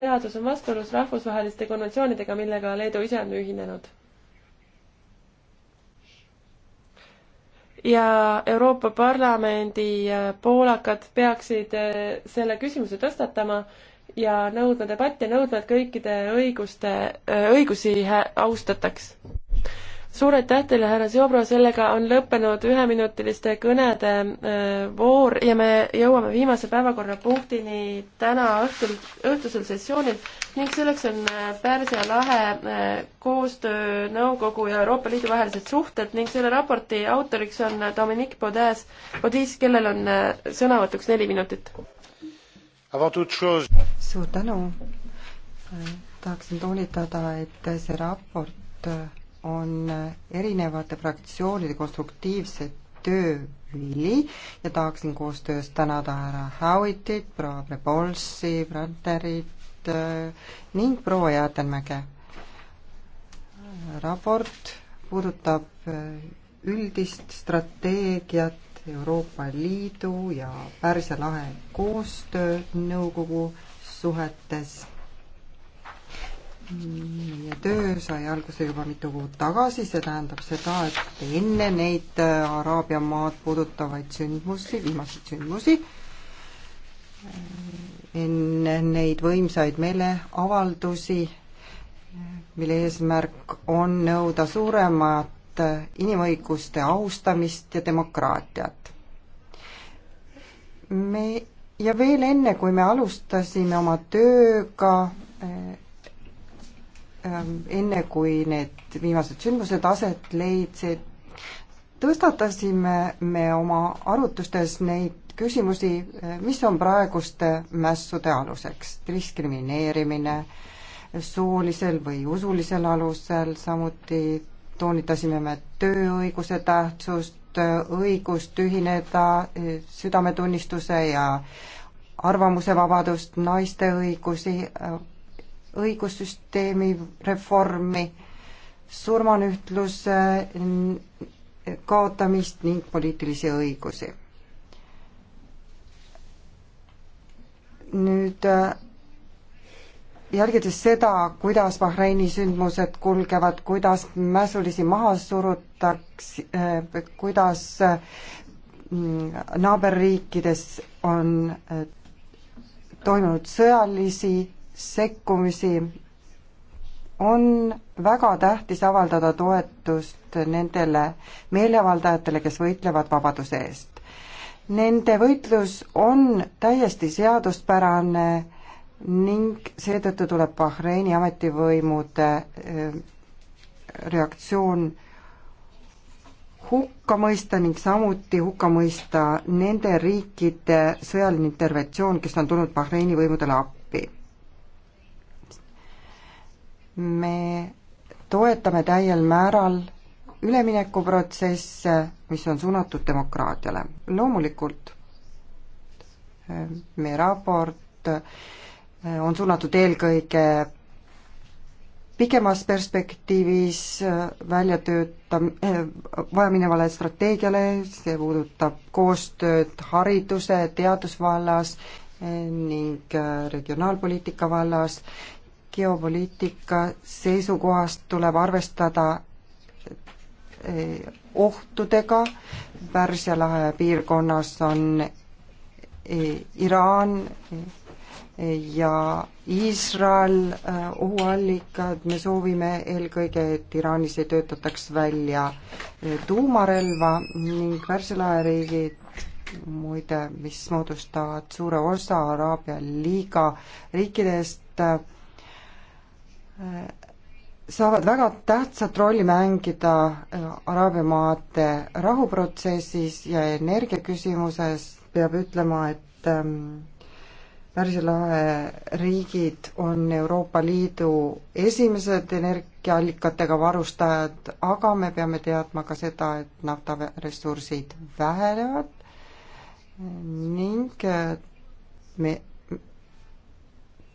seadus on vastuolus rahvusvaheliste konventsioonidega, millega Leedu ise on ühinenud. ja Euroopa Parlamendi äh, poolakad peaksid äh, selle küsimuse tõstatama ja nõudma debatti, nõudma, et kõikide õiguste, äh, õigusi austataks suur aitäh teile, härra Siobro, sellega on lõppenud üheminutiliste kõnede äh, voor ja me jõuame viimase päevakorrapunktini täna õhtul, õhtusel sessioonil ning selleks on äh, Pärsia lahe äh, koostöö Nõukogu ja Euroopa Liidu vahelised suhted ning selle raporti autoriks on Dominique Baudis, Baudis, kellel on sõnavõtuks neli minutit. suur tänu. tahaksin toonitada, et see raport on erinevate fraktsioonide konstruktiivse töö vili ja tahaksin koostöös tänada härra Howitit, proua Prebolsi, Brandnerit äh, ning proua Jäätelmäge. raport puudutab äh, üldist strateegiat Euroopa Liidu ja Pärsia lahe koostöö nõukogu suhetes meie töö sai alguse juba mitu kuud tagasi, see tähendab seda, et enne neid äh, Araabia maad puudutavaid sündmusi, viimaseid sündmusi, äh, enne neid võimsaid meeleavaldusi, äh, mille eesmärk on nõuda suuremat inimõiguste austamist ja demokraatiat. me ja veel enne, kui me alustasime oma tööga Ähm, enne kui need viimased sündmused aset leidsid, tõstatasime me oma arutlustes neid küsimusi, äh, mis on praeguste mässude aluseks, diskrimineerimine soolisel või usulisel alusel, samuti toonitasime me tööõiguse tähtsust, õigust ühineda äh, südametunnistuse ja arvamusevabadust, naiste õigusi, äh, õigussüsteemi reformi, surmanuhtluse kaotamist ning poliitilisi õigusi. nüüd äh, jälgides seda, kuidas Bahreini sündmused kulgevad, kuidas mässulisi maha surutaks, äh, kuidas äh, naaberriikides on toimunud sõjalisi sekkumisi, on väga tähtis avaldada toetust nendele meeleavaldajatele, kes võitlevad vabaduse eest. Nende võitlus on täiesti seaduspärane ning seetõttu tuleb Bahreini ametivõimude eh, reaktsioon hukka mõista ning samuti hukka mõista nende riikide sõjaline interventsioon, kes on tulnud Bahreini võimudele appi me toetame täiel määral üleminekuprotsesse, mis on suunatud demokraatiale. loomulikult äh, meie raport äh, on suunatud eelkõige pikemas perspektiivis äh, välja tööta-, vajaminevale strateegiale, see puudutab koostööd hariduse, teadusvallas ning regionaalpoliitika vallas geopoliitika seisukohast tuleb arvestada eh, ohtudega, Pärsia lahe piirkonnas on eh, Iraan eh, ja Iisrael ohuallikad, me soovime eelkõige, et Iraanis ei töötataks välja tuumarelva ning värsilaheriigid muide, mis moodustavad suure osa Araabia liiga riikidest, saavad väga tähtsat rolli mängida äh, Araabia maade rahuprotsessis ja energiaküsimuses, peab ütlema, et ähm, Pärsia lahe riigid on Euroopa Liidu esimesed energiaallikatega varustajad, aga me peame teadma ka seda, et naftaressursid vähenevad ning äh, me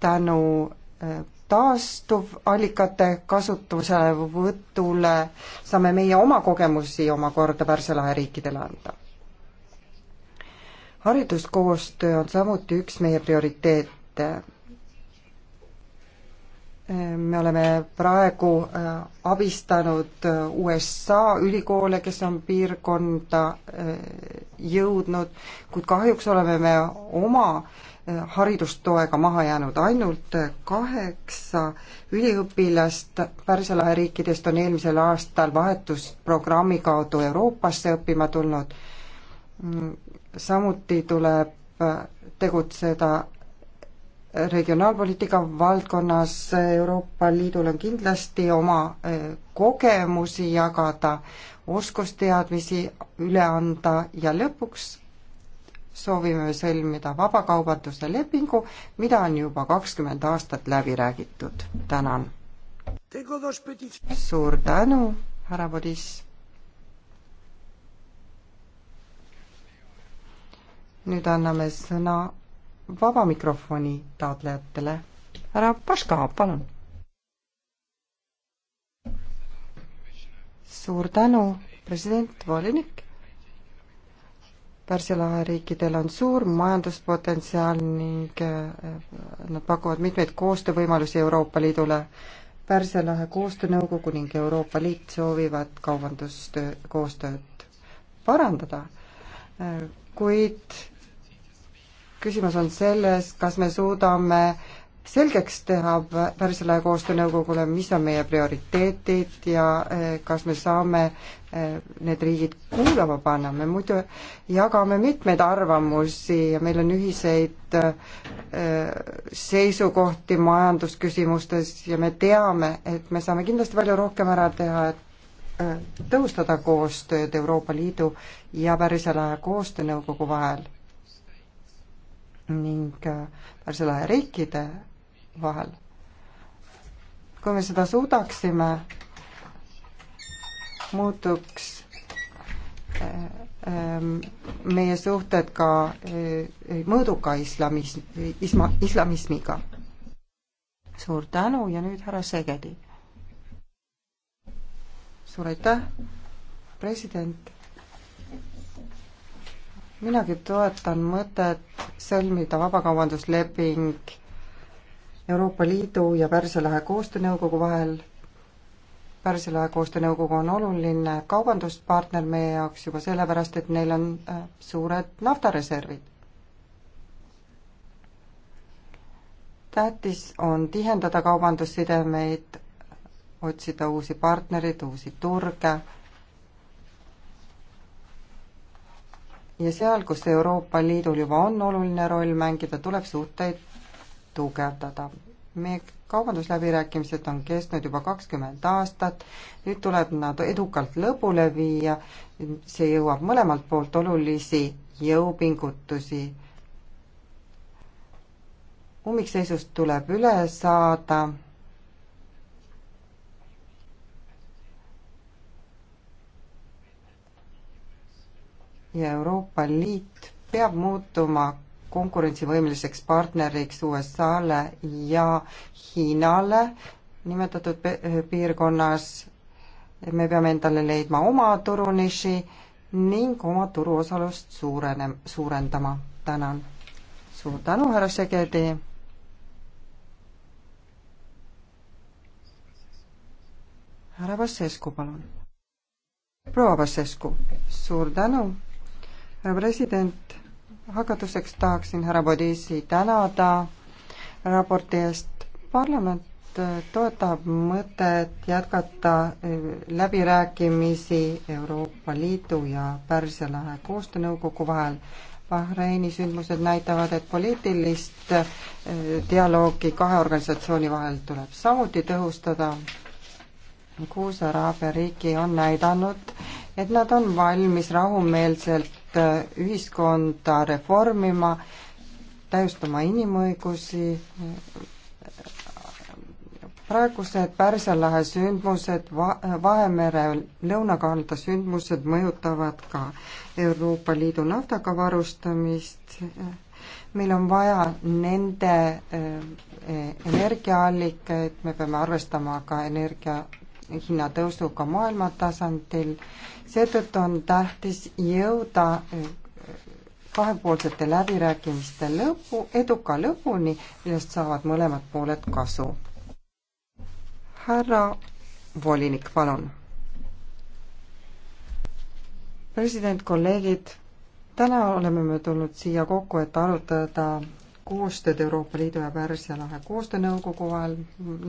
tänu äh, taastuvallikate kasutuselevõtule saame meie oma kogemusi omakorda Pärsia lahe riikidele anda. hariduskoostöö on samuti üks meie prioriteete. me oleme praegu äh, abistanud äh, USA ülikoole, kes on piirkonda äh, jõudnud, kuid kahjuks oleme me oma äh, Äh, haridustoega maha jäänud. ainult äh, kaheksa üliõpilast Pärsia lahe riikidest on eelmisel aastal vahetusprogrammi kaudu Euroopasse õppima tulnud. Mm, samuti tuleb äh, tegutseda regionaalpoliitika valdkonnas Euroopa Liidul on kindlasti oma kogemusi jagada, oskusteadmisi üle anda ja lõpuks soovime sõlmida vabakaubanduse lepingu, mida on juba kakskümmend aastat läbi räägitud. tänan. suur tänu, härra Boriss. nüüd anname sõna vaba mikrofoni taotlejatele. härra Paška, palun. suur tänu, president, volinik Pärsia lahe riikidel on suur majanduspotentsiaal ning äh, nad pakuvad mitmeid koostöövõimalusi Euroopa Liidule. Pärsia lahe koostöönõukogu ning Euroopa Liit soovivad kaubandustöö, koostööd parandada, äh, kuid küsimus on selles, kas me suudame selgeks teha Pärsialae koostöönõukogule, mis on meie prioriteetid ja eh, kas me saame eh, need riigid kuulama panna, me muidu jagame mitmeid arvamusi ja meil on ühiseid eh, seisukohti majandusküsimustes ja me teame, et me saame kindlasti palju rohkem ära teha, et tõhustada koostööd Euroopa Liidu ja Pärsialae koostöönõukogu vahel ning Pärsialae riikide vahel. kui me seda suudaksime, muutuks äh, ähm, meie suhted ka äh, mõõduka islamism, isma, islamismiga. suur tänu ja nüüd härra Segedi. suur aitäh, president. minagi toetan mõtet sõlmida vabakaubandusleping Euroopa Liidu ja Pärsia lahe koostöönõukogu vahel. Pärsia lahe koostöönõukogu on oluline kaubanduspartner meie jaoks juba sellepärast, et neil on äh, suured naftareservid. tähtis on tihendada kaubandussidemeid, otsida uusi partnereid, uusi turge ja seal, kus Euroopa Liidul juba on oluline roll mängida, tuleb suhteid tugevdada. meie kaubandusläbirääkimised on kestnud juba kakskümmend aastat, nüüd tuleb nad edukalt lõpule viia, see jõuab mõlemalt poolt olulisi jõupingutusi. ummikseisust tuleb üle saada ja Euroopa Liit peab muutuma konkurentsivõimeliseks partneriks USA-le ja Hiinale nimetatud piirkonnas. me peame endale leidma oma turuniši ning oma turuosalust suurene, suurendama. tänan. suur tänu, härra Segedi. härra Vassescu, palun. proua Vassescu, suur tänu, härra president hakatuseks tahaksin härra Bodisi tänada raporti eest. parlament äh, toetab mõtet jätkata äh, läbirääkimisi Euroopa Liidu ja Pärsia lahe koostöönõukogu vahel. Bahreini sündmused näitavad, et poliitilist äh, dialoogi kahe organisatsiooni vahel tuleb samuti tõhustada. kuus araabia riiki on näidanud, et nad on valmis rahumeelselt Äh, ühiskonda reformima, täiustama inimõigusi. praegused Pärsia lahe sündmused, Vahemere lõunakanda sündmused mõjutavad ka Euroopa Liidu naftaga varustamist. meil on vaja nende äh, energiaallikaid, me peame arvestama ka energia hinnatõusuga maailma tasandil. seetõttu on tähtis jõuda äh, kahepoolsete läbirääkimiste lõpu, eduka lõpuni, millest saavad mõlemad pooled kasu. härra volinik, palun. president, kolleegid, täna oleme me tulnud siia kokku, et arutada koostööd Euroopa Liidu ja Pärsia lahe koostöönõukogu vahel,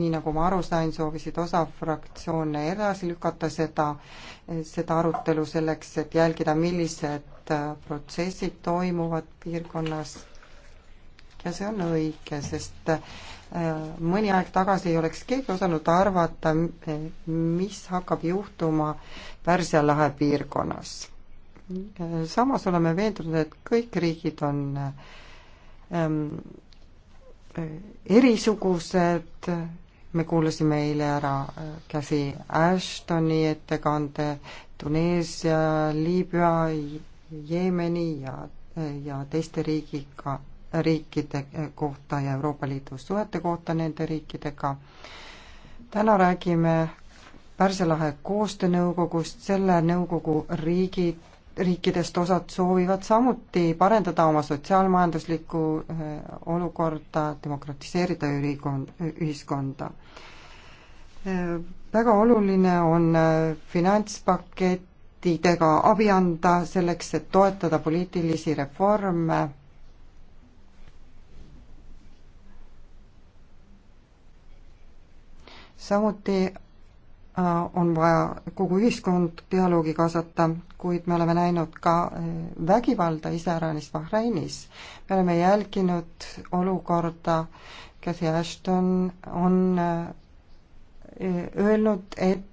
nii nagu ma aru sain, soovisid osa fraktsioone edasi lükata seda, seda arutelu selleks, et jälgida, millised äh, protsessid toimuvad piirkonnas. ja see on õige, sest äh, mõni aeg tagasi ei oleks keegi osanud arvata, mis hakkab juhtuma Pärsia lahe piirkonnas. samas oleme veendunud, et kõik riigid on äh, ähm, erisugused, me kuulasime eile ära äh, Cathy Ashtoni ettekande Tuneesia, Liibüa, Jeemeni ja, ja teiste riigiga, riikide äh, kohta ja Euroopa Liidu suhete kohta nende riikidega. täna räägime Pärsia lahe koostöönõukogust, selle nõukogu riigid riikidest osad soovivad samuti parendada oma sotsiaalmajanduslikku äh, olukorda, demokratiseerida ülikond, ühiskonda. Äh, väga oluline on äh, finantspakettidega abi anda selleks, et toetada poliitilisi reforme samuti Äh, on vaja kogu ühiskond dialoogi kaasata, kuid me oleme näinud ka äh, vägivalda iseäranis Bahreinis. me oleme jälginud olukorda, Cathy Ashton on äh, e-, öelnud, et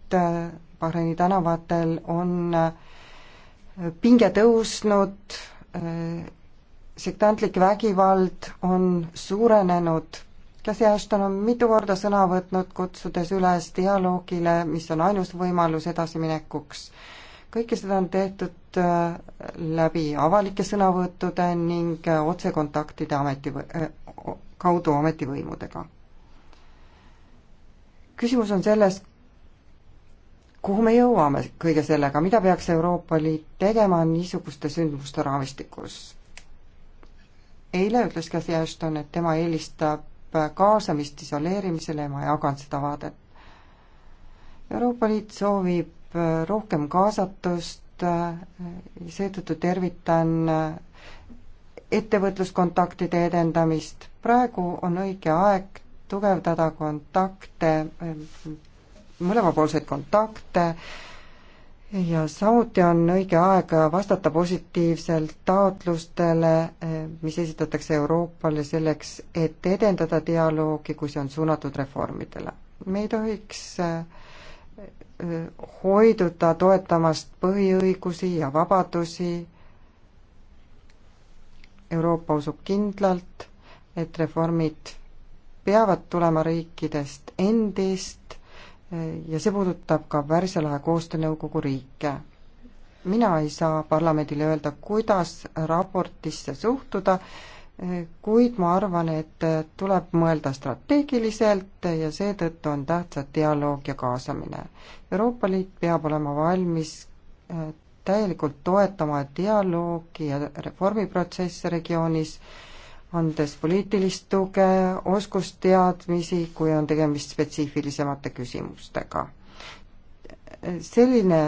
Bahreini tänavatel on pinge tõusnud, sektantlik vägivald on suurenenud Käsi Ashton on mitu korda sõna võtnud, kutsudes üles dialoogile, mis on ainus võimalus edasiminekuks. kõike seda on tehtud äh, läbi avalike sõnavõttude ning äh, otsekontaktide ameti, äh, kaudu ametivõimudega. küsimus on selles, kuhu me jõuame kõige sellega, mida peaks Euroopa Liit tegema niisuguste sündmuste raamistikus? eile ütles Cathy Ashton, et tema eelistab kaasamist isoleerimisele ja ma jagan seda vaadet. Euroopa Liit soovib äh, rohkem kaasatust, äh, seetõttu tervitan äh, ettevõtluskontaktide edendamist. praegu on õige aeg tugevdada kontakte, mõlemapoolseid kontakte, ja samuti on õige aeg vastata positiivselt taotlustele, eh, mis esitatakse Euroopale selleks, et edendada dialoogi, kui see on suunatud reformidele. me ei tohiks eh, eh, hoiduda toetamast põhiõigusi ja vabadusi. Euroopa usub kindlalt, et reformid peavad tulema riikidest endist ja see puudutab ka Pärsia lahe koostöönõukogu riike. mina ei saa parlamendile öelda, kuidas raportisse suhtuda, kuid ma arvan, et tuleb mõelda strateegiliselt ja seetõttu on tähtsad dialoog ja kaasamine. Euroopa Liit peab olema valmis äh, täielikult toetama dialoogi ja reformiprotsesse regioonis andes poliitilist tuge, oskusteadmisi, kui on tegemist spetsiifilisemate küsimustega. selline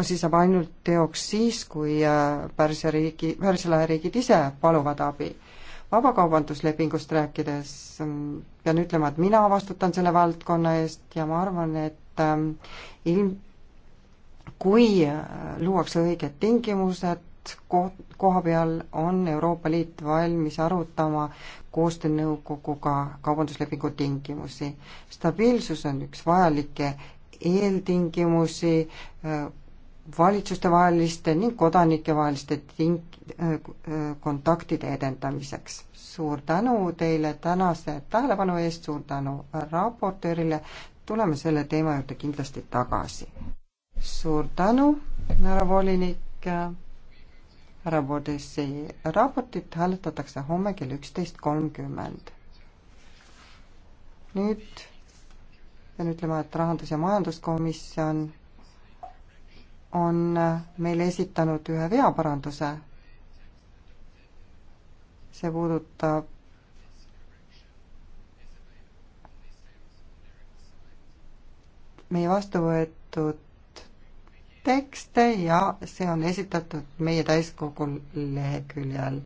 asi saab ainult teoks siis, kui äh, Pärsia riigi, Pärsia lahe riigid ise paluvad abi. vabakaubanduslepingust rääkides mm, pean ütlema, et mina vastutan selle valdkonna eest ja ma arvan, et ähm, ilm, kui äh, luuakse õiged tingimused, koht, koha peal on Euroopa Liit valmis arutama koostöönõukoguga kaubanduslepingu tingimusi. stabiilsus on üks vajalikke eeltingimusi äh, valitsustevaheliste ning kodanikevaheliste ting-, äh, kontaktide edendamiseks. suur tänu teile tänase tähelepanu eest, suur tänu raportöörile, tuleme selle teema juurde kindlasti tagasi. suur tänu, härra volinik härra Vodesi raportit hääletatakse homme kell üksteist kolmkümmend. nüüd pean ütlema, et rahandus- ja majanduskomisjon on meile esitanud ühe veaparanduse. see puudutab meie vastu võetud tekste ja see on esitatud meie täiskogul leheküljel.